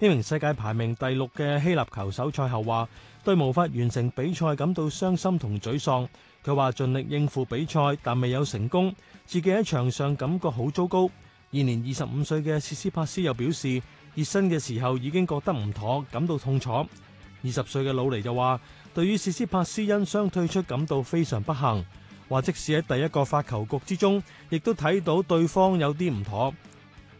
呢名世界排名第六嘅希臘球手賽後話，對無法完成比賽感到傷心同沮喪。佢話盡力應付比賽，但未有成功。自己喺場上感覺好糟糕。現年二十五歲嘅薛斯柏斯又表示，熱身嘅時候已經覺得唔妥，感到痛楚。二十歲嘅老尼就話，對於薛斯柏斯因傷退出感到非常不幸。話即使喺第一個發球局之中，亦都睇到對方有啲唔妥。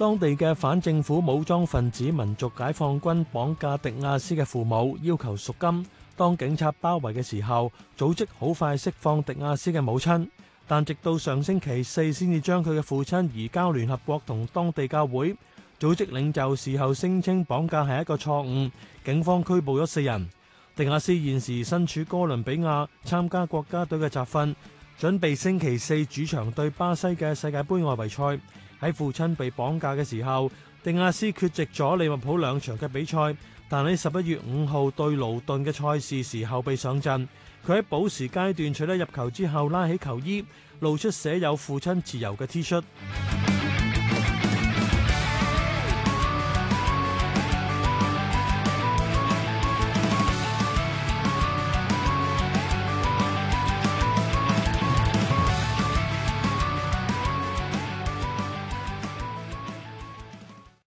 當地嘅反政府武裝分子民族解放軍綁架迪亞斯嘅父母，要求贖金。當警察包圍嘅時候，組織好快釋放迪亞斯嘅母親，但直到上星期四先至將佢嘅父親移交聯合國同當地教會組織領袖。事後聲稱綁架係一個錯誤。警方拘捕咗四人。迪亞斯現時身處哥倫比亞參加國家隊嘅集訓，準備星期四主場對巴西嘅世界盃外圍賽。喺父親被綁架嘅時候，迪亞斯缺席咗利物浦兩場嘅比賽，但喺十一月五號對盧頓嘅賽事時候被上陣。佢喺補時階段取得入球之後拉起球衣，露出寫有父親自由嘅 T 恤。